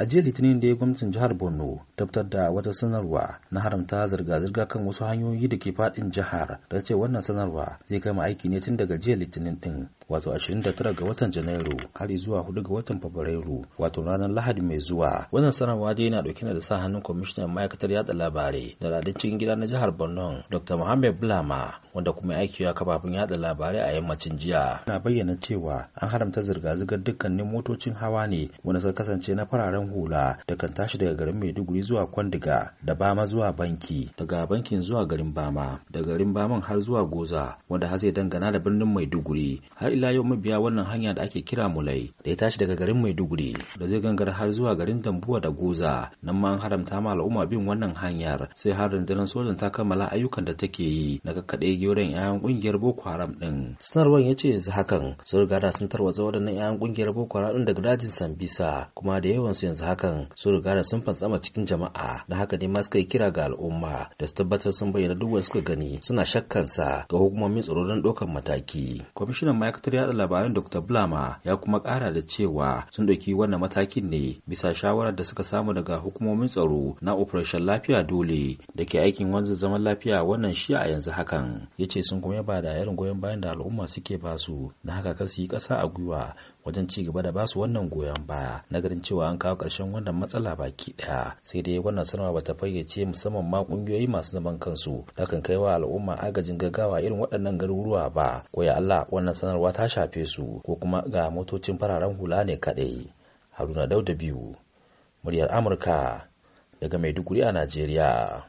a jiya litinin da ya gwamnatin jihar borno tabbatar da wata sanarwa na haramta zirga-zirga kan wasu hanyoyi da ke fadin jihar da ce wannan sanarwa zai kama aiki ne tun daga jiya litinin din wato 29 ga watan janairu har zuwa 4 ga watan fabrairu wato ranar lahadi mai zuwa wannan sanarwa dai na dauke da sa hannun kwamishinan ma'aikatar yada labarai da radin cikin gida na jihar borno dr mohammed bulama wanda kuma aiki ya kafafin yada labarai a yammacin jiya na bayyana cewa an haramta zirga-zirgar dukkanin motocin hawa ne wanda suka kasance na fararen hula da kan tashi daga garin maiduguri zuwa kwandiga da bama zuwa banki daga bankin zuwa garin bama da garin baman har zuwa goza wanda har zai dangana da birnin maiduguri har illa yau mabiya wannan hanya da ake kira mulai da ya tashi daga garin maiduguri da zai gangara har zuwa garin dambuwa da goza nan ma an haramta ma al'umma bin wannan hanyar sai har rundunar sojan ta kammala ayyukan da take yi na kakkaɗe gyoran 'ya'yan ƙungiyar boko haram ɗin sanarwar ya ce yanzu hakan sun riga da sun tarwatsa waɗannan 'ya'yan ƙungiyar boko haram ɗin daga dajin sambisa kuma da yawan su yanzu hakan sun riga da sun fantsama cikin jama'a da haka ne ma suka yi kira ga al'umma da su tabbatar sun bayyana duk wanda suka gani suna shakkansa ga hukumomin tsaro don mataki kwamishinan ma'aikatar sakatar yada labaran Dr. Blama ya kuma kara da cewa sun ɗauki wannan matakin ne bisa shawarar da suka samu daga hukumomin tsaro na Operation Lafiya Dole da ke aikin wanzu zaman lafiya wannan shi a yanzu hakan. Ya ce sun kuma yaba da yarin goyon bayan da al'umma suke basu na haka kar su yi ƙasa a gwiwa wajen ci gaba da basu wannan goyon baya na ganin cewa an kawo ƙarshen wannan matsala baki ɗaya sai dai wannan sanarwa bata fayyace musamman ma ƙungiyoyi masu zaman kansu da kan kai wa al'umma agajin gaggawa irin waɗannan garuruwa ba ko ya Allah wannan sanarwa ta shafe su ko kuma ga motocin fararen hula ne kaɗai Haruna Dauda biyu muryar Amurka daga Maiduguri a Najeriya